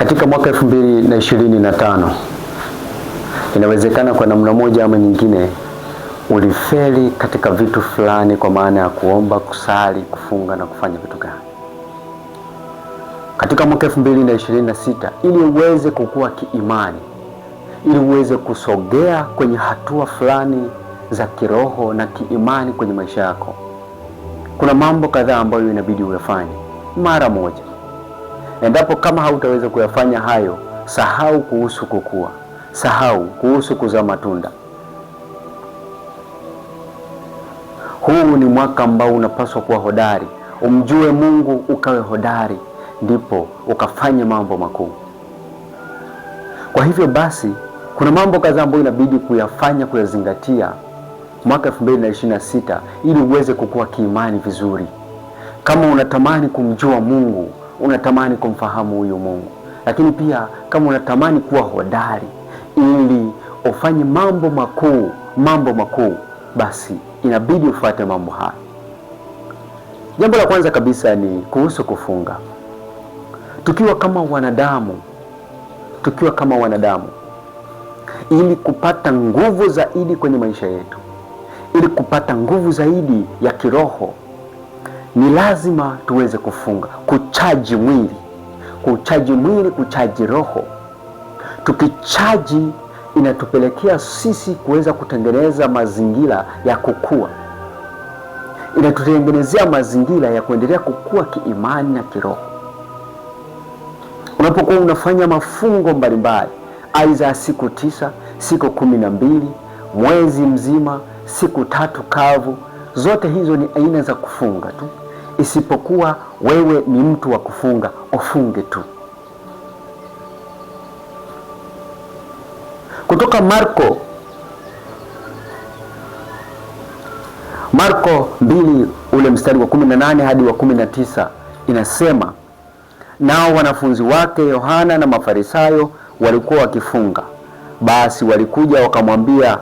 katika mwaka 2025 inawezekana kwa namna moja ama nyingine ulifeli katika vitu fulani, kwa maana ya kuomba, kusali, kufunga na kufanya vitu gani katika mwaka 2026 ili uweze kukua kiimani, ili uweze kusogea kwenye hatua fulani za kiroho na kiimani kwenye maisha yako, kuna mambo kadhaa ambayo inabidi uyafanye mara moja Endapo kama hautaweza kuyafanya hayo, sahau kuhusu kukua, sahau kuhusu kuzaa matunda. Huu ni mwaka ambao unapaswa kuwa hodari, umjue Mungu, ukawe hodari, ndipo ukafanye mambo makuu. Kwa hivyo basi, kuna mambo kadhaa ambayo inabidi kuyafanya, kuyazingatia mwaka 2026 ili uweze kukua kiimani vizuri. Kama unatamani kumjua Mungu unatamani kumfahamu huyu Mungu, lakini pia kama unatamani kuwa hodari ili ufanye mambo makuu, mambo makuu, basi inabidi ufuate mambo haya. Jambo la kwanza kabisa ni kuhusu kufunga. Tukiwa kama wanadamu, tukiwa kama wanadamu, ili kupata nguvu zaidi kwenye maisha yetu, ili kupata nguvu zaidi ya kiroho ni lazima tuweze kufunga, kuchaji mwili, kuchaji mwili, kuchaji roho. Tukichaji inatupelekea sisi kuweza kutengeneza mazingira ya kukua, inatutengenezea mazingira ya kuendelea kukua kiimani na kiroho. Unapokuwa unafanya mafungo mbalimbali, aidha ya siku tisa, siku kumi na mbili, mwezi mzima, siku tatu kavu, zote hizo ni aina za kufunga tu isipokuwa wewe ni mtu wa kufunga, ufunge tu. Kutoka Marko Marko mbili ule mstari wa 18 hadi wa 19 inasema, nao wanafunzi wake Yohana na Mafarisayo walikuwa wakifunga. Basi walikuja wakamwambia,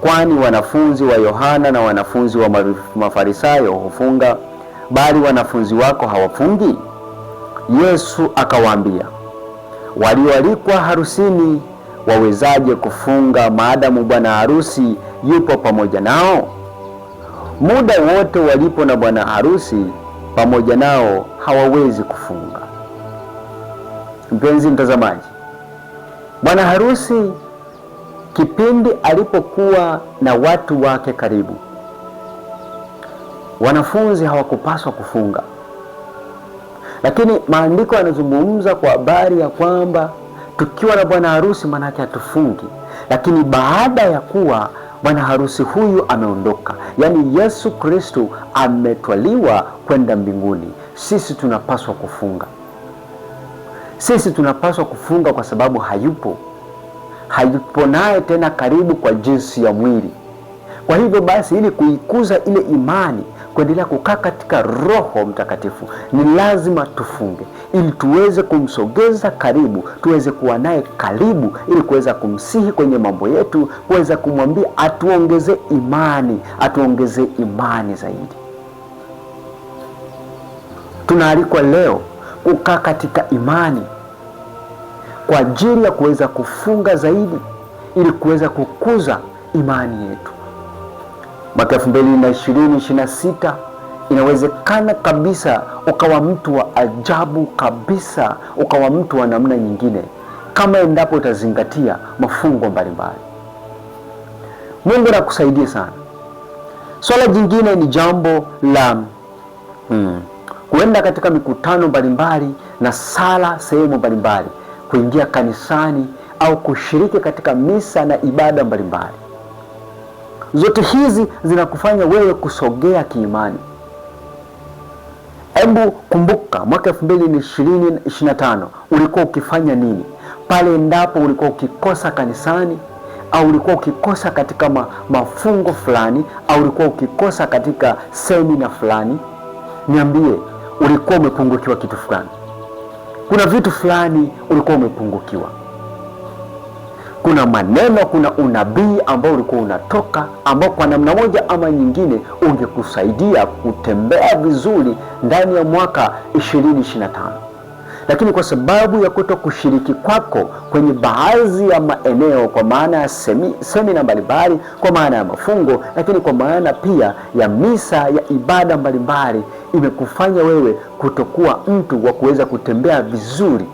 kwani wanafunzi wa Yohana na wanafunzi wa Mafarisayo hufunga bali wanafunzi wako hawafungi? Yesu akawaambia, walioalikwa harusini wawezaje kufunga maadamu bwana harusi yupo pamoja nao? Muda wote walipo na bwana harusi pamoja nao hawawezi kufunga. Mpenzi mtazamaji, bwana harusi kipindi alipokuwa na watu wake karibu wanafunzi hawakupaswa kufunga, lakini maandiko yanazungumza kwa habari ya kwamba tukiwa na bwana harusi maanake hatufungi, lakini baada ya kuwa bwana harusi huyu ameondoka, yaani Yesu Kristu ametwaliwa kwenda mbinguni, sisi tunapaswa kufunga. Sisi tunapaswa kufunga kwa sababu hayupo, hayupo naye tena karibu kwa jinsi ya mwili. Kwa hivyo basi, ili kuikuza ile imani kuendelea kukaa katika Roho Mtakatifu, ni lazima tufunge ili tuweze kumsogeza karibu, tuweze kuwa naye karibu, ili kuweza kumsihi kwenye mambo yetu, kuweza kumwambia atuongeze imani, atuongeze imani zaidi. Tunaalikwa leo kukaa katika imani kwa ajili ya kuweza kufunga zaidi, ili kuweza kukuza imani yetu mwaka 2026 inawezekana kabisa ukawa mtu wa ajabu kabisa, ukawa mtu wa namna nyingine, kama endapo utazingatia mafungo mbalimbali. Mungu anakusaidia sana. Swala jingine ni jambo la hmm, kuenda katika mikutano mbalimbali na sala sehemu mbalimbali, kuingia kanisani au kushiriki katika misa na ibada mbalimbali. Zote hizi zinakufanya wewe kusogea kiimani. Hebu kumbuka mwaka 2025 ulikuwa ukifanya nini? Pale endapo ulikuwa ukikosa kanisani au ulikuwa ukikosa katika ma, mafungo fulani au ulikuwa ukikosa katika semina fulani, niambie, ulikuwa umepungukiwa kitu fulani. Kuna vitu fulani ulikuwa umepungukiwa kuna maneno, kuna unabii ambao ulikuwa unatoka ambao kwa namna moja ama nyingine ungekusaidia kutembea vizuri ndani ya mwaka 2025 lakini kwa sababu ya kuto kushiriki kwako kwenye baadhi ya maeneo, kwa maana ya semina mbalimbali, kwa maana ya mafungo, lakini kwa maana pia ya misa ya ibada mbalimbali, imekufanya wewe kutokuwa mtu wa kuweza kutembea vizuri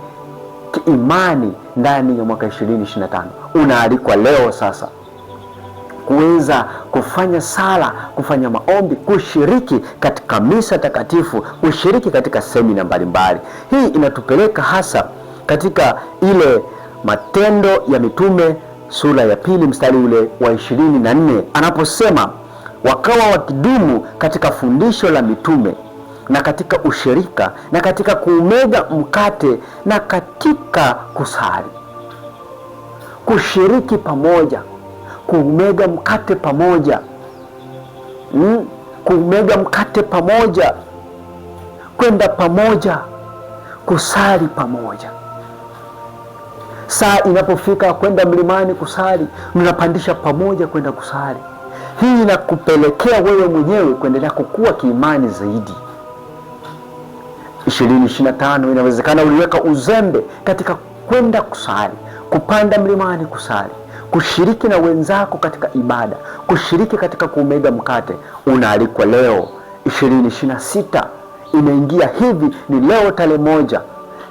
kiimani ndani ya mwaka 2025. Unaalikwa leo sasa kuweza kufanya sala, kufanya maombi, kushiriki katika misa takatifu, kushiriki katika semina mbalimbali. Hii inatupeleka hasa katika ile Matendo ya Mitume sura ya pili mstari ule wa ishirini na nne anaposema wakawa wakidumu katika fundisho la mitume na katika ushirika na katika kuumega mkate na katika kusali. Kushiriki pamoja, kuumega mkate pamoja mm, kuumega mkate pamoja, kwenda pamoja, kusali pamoja. Saa inapofika kwenda mlimani kusali, mnapandisha pamoja kwenda kusali. Hii inakupelekea wewe mwenyewe kuendelea kukua kiimani zaidi ishirini ishirini na tano inawezekana uliweka uzembe katika kwenda kusali, kupanda mlimani kusali, kushiriki na wenzako katika ibada, kushiriki katika kuumega mkate. Unaalikwa leo ishirini ishirini na sita inaingia hivi, ni leo tarehe moja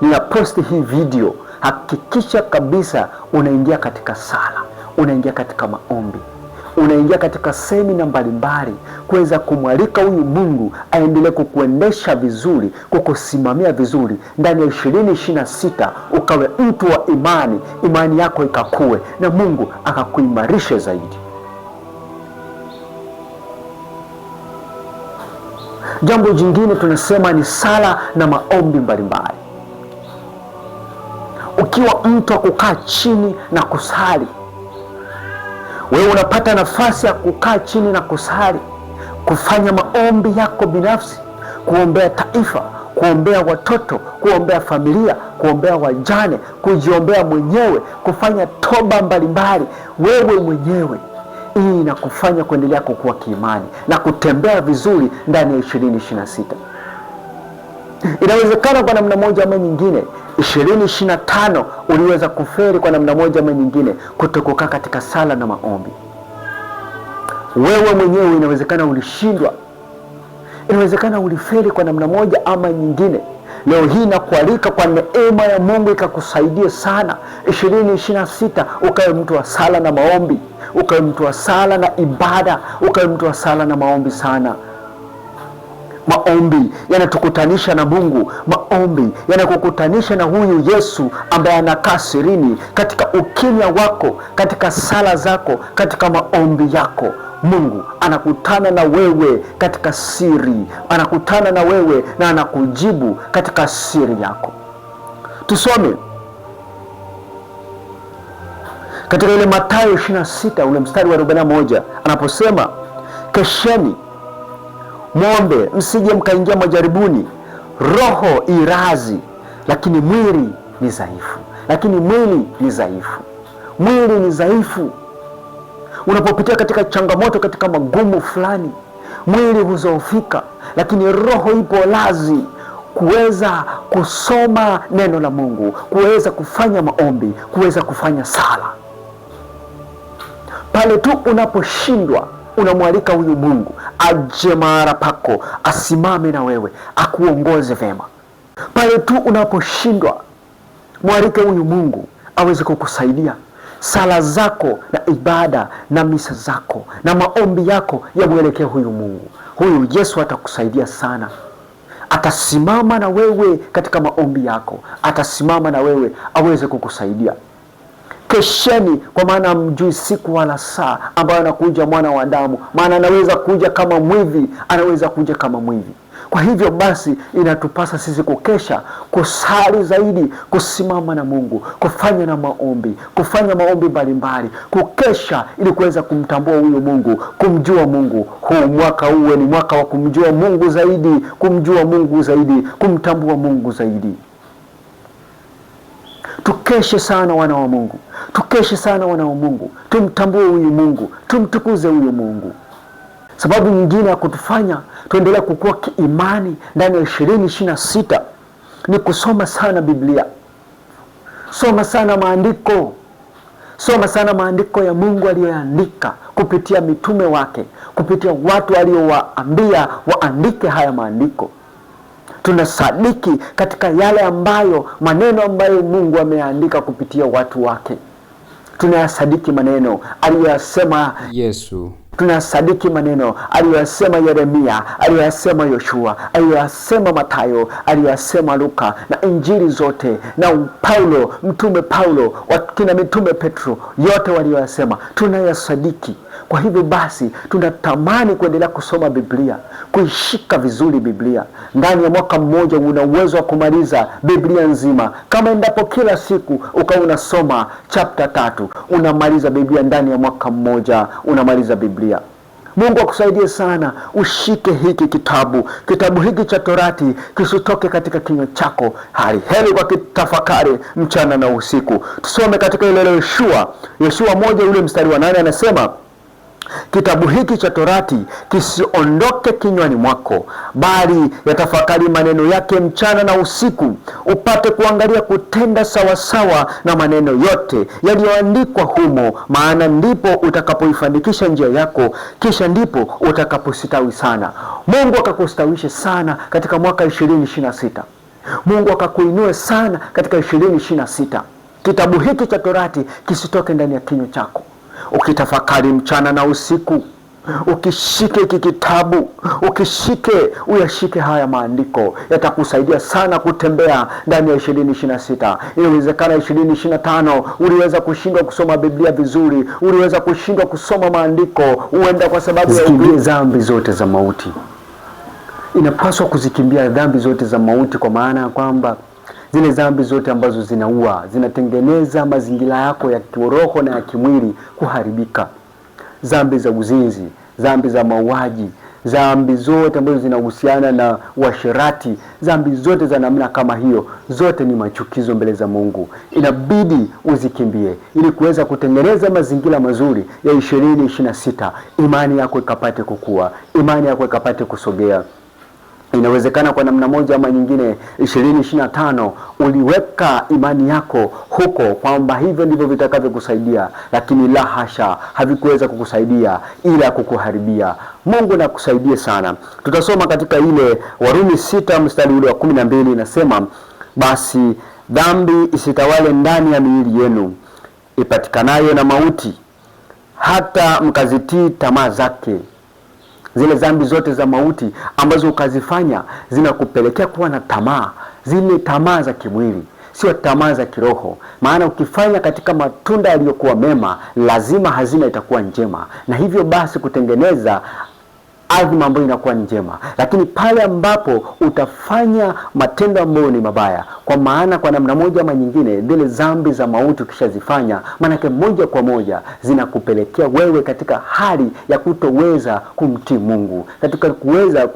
ninaposti hii video. Hakikisha kabisa unaingia katika sala, unaingia katika maombi unaingia katika semina mbalimbali kuweza kumwalika huyu Mungu aendelee kukuendesha vizuri, kukusimamia vizuri ndani ya ishirini ishirini na sita, ukawe mtu wa imani, imani yako ikakue na Mungu akakuimarishe zaidi. Jambo jingine tunasema ni sala na maombi mbalimbali. Ukiwa mtu wa kukaa chini na kusali wewe unapata nafasi ya kukaa chini na kusali, kufanya maombi yako binafsi, kuombea taifa, kuombea watoto, kuombea familia, kuombea wajane, kujiombea mwenyewe, kufanya toba mbalimbali wewe mwenyewe. Hii inakufanya kuendelea kukua kiimani na kutembea vizuri ndani ya ishirini ishirini na sita. Inawezekana kwa namna moja ama nyingine ishirini ishirini na tano uliweza kuferi kwa namna moja ama nyingine kutokoka katika sala na maombi. Wewe mwenyewe inawezekana ulishindwa, inawezekana uliferi kwa namna moja ama nyingine. Leo hii nakualika kwa neema ya Mungu ikakusaidia sana, ishirini ishirini na sita ukawe mtu wa sala na maombi, ukawe mtu wa sala na ibada, ukawe mtu wa sala na maombi sana. Maombi yanatukutanisha na Mungu, maombi yanakukutanisha na huyu Yesu ambaye anakaa sirini, katika ukimya wako, katika sala zako, katika maombi yako. Mungu anakutana na wewe katika siri, anakutana na wewe na anakujibu katika siri yako. Tusome katika ile Mathayo 26 ule mstari wa 41 anaposema, kesheni mwombe msije mkaingia majaribuni. Roho irazi, lakini mwili ni dhaifu, lakini mwili ni dhaifu, mwili ni dhaifu. Unapopitia katika changamoto, katika magumu fulani, mwili huzoofika, lakini roho ipo lazi kuweza kusoma neno la Mungu, kuweza kufanya maombi, kuweza kufanya sala. Pale tu unaposhindwa unamwalika huyu Mungu aje mahali pako, asimame na wewe, akuongoze vema. Pale tu unaposhindwa, mwalike huyu Mungu aweze kukusaidia. Sala zako na ibada na misa zako na maombi yako yamwelekee huyu Mungu. Huyu Yesu atakusaidia sana, atasimama na wewe katika maombi yako, atasimama na wewe aweze kukusaidia. Kesheni kwa maana mjui siku wala saa ambayo anakuja mwana wa Adamu, maana anaweza kuja kama mwivi, anaweza kuja kama mwivi. Kwa hivyo basi, inatupasa sisi kukesha, kusali zaidi, kusimama na Mungu, kufanya na maombi, kufanya maombi mbalimbali, kukesha ili kuweza kumtambua huyu Mungu, kumjua Mungu. Huu mwaka uwe ni mwaka wa kumjua Mungu zaidi, kumjua Mungu zaidi, kumtambua Mungu zaidi. Tukeshe sana wana wa Mungu, tukeshe sana wana wa Mungu, tumtambue huyu Mungu, tumtukuze huyu Mungu. Sababu nyingine ya kutufanya tuendelea kukua kiimani ndani ya ishirini ishirini na sita ni kusoma sana Biblia. Soma sana maandiko, soma sana maandiko ya Mungu aliyoandika kupitia mitume wake, kupitia watu aliowaambia waandike haya maandiko tunasadiki katika yale ambayo maneno ambayo Mungu ameandika kupitia watu wake. Tunayasadiki maneno aliyosema Yesu tunasadiki maneno aliyoyasema Yeremia, aliyoyasema Yoshua, aliyoyasema Matayo, aliyoyasema Luka na injili zote na Paulo, mtume Paulo, wakina mitume Petro, yote walioyasema tunayasadiki. Kwa hivyo basi, tunatamani kuendelea kusoma Biblia, kuishika vizuri Biblia. Ndani ya mwaka mmoja una uwezo wa kumaliza Biblia nzima, kama endapo kila siku ukawa unasoma chapta tatu, unamaliza Biblia ndani ya mwaka mmoja, unamaliza Biblia. Mungu akusaidie sana, ushike hiki kitabu. Kitabu hiki cha Torati kisitoke katika kinywa chako, hali heri kwa kitafakari mchana na usiku. Tusome katika ile Yoshua, Yoshua moja ule mstari wa nane anasema Kitabu hiki cha Torati kisiondoke kinywani mwako, bali yatafakari maneno yake mchana na usiku, upate kuangalia kutenda sawasawa na maneno yote yaliyoandikwa humo, maana ndipo utakapoifanikisha njia yako, kisha ndipo utakapositawi sana. Mungu akakustawishe sana katika mwaka 2026. Mungu akakuinue sana katika 2026. Kitabu hiki cha Torati kisitoke ndani ya kinywa chako ukitafakari mchana na usiku, ukishike hiki kitabu, ukishike uyashike haya maandiko, yatakusaidia sana kutembea ndani ya ishirini ishirini na sita. Inawezekana ishirini ishirini na tano uliweza kushindwa kusoma Biblia vizuri, uliweza kushindwa kusoma maandiko, huenda kwa sababu zikimbie dhambi zote za mauti. Inapaswa kuzikimbia dhambi zote za mauti, kwa maana ya kwamba zile dhambi zote ambazo zinaua, zinatengeneza mazingira yako ya kiroho na ya kimwili kuharibika, dhambi za uzinzi, dhambi za mauaji, dhambi zote ambazo zinahusiana na uasherati, dhambi zote za namna kama hiyo, zote ni machukizo mbele za Mungu, inabidi uzikimbie ili kuweza kutengeneza mazingira mazuri ya ishirini ishirini na sita, imani yako ikapate kukua, imani yako ikapate kusogea. Inawezekana kwa namna moja ama nyingine, ishirini ishirini na tano uliweka imani yako huko kwamba hivyo ndivyo vitakavyokusaidia, lakini la hasha, havikuweza kukusaidia ila kukuharibia. Mungu nakusaidie sana. Tutasoma katika ile Warumi sita mstari ule wa kumi na mbili inasema, basi dhambi isitawale ndani ya miili yenu ipatikanayo na mauti, hata mkazitii tamaa zake zile dhambi zote za mauti ambazo ukazifanya zinakupelekea kuwa na tamaa, zile tamaa za kimwili, sio tamaa za kiroho. Maana ukifanya katika matunda yaliyokuwa mema, lazima hazina itakuwa njema, na hivyo basi kutengeneza azma ambayo inakuwa njema, lakini pale ambapo utafanya matendo ambayo ni mabaya, kwa maana kwa namna moja ama nyingine zile dhambi za mauti ukishazifanya, maanake moja kwa moja zinakupelekea wewe katika hali ya kutoweza kumtii Mungu, katika kuweza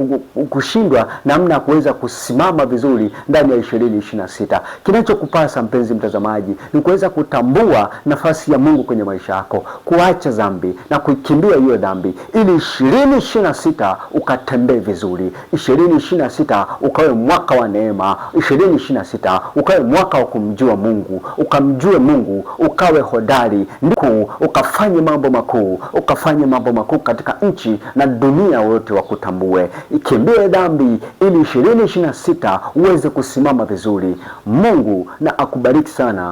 kushindwa namna ya kuweza kusimama vizuri ndani ya ishirini ishirini na sita. Kinachokupasa mpenzi mtazamaji ni kuweza kutambua nafasi ya Mungu kwenye maisha yako, kuacha dhambi na kuikimbia hiyo dhambi ili ishirini ishirini na sita ukatembee vizuri, ishirini ishirini na sita ukawe mwaka wa neema, ishirini ishirini na sita ukawe mwaka wa kumjua Mungu, ukamjue Mungu, ukawe hodari ndiku, ukafanye mambo makuu, ukafanye mambo makuu katika nchi na dunia, wote wakutambue. Ikimbie dhambi ili ishirini ishirini na sita uweze kusimama vizuri. Mungu na akubariki sana.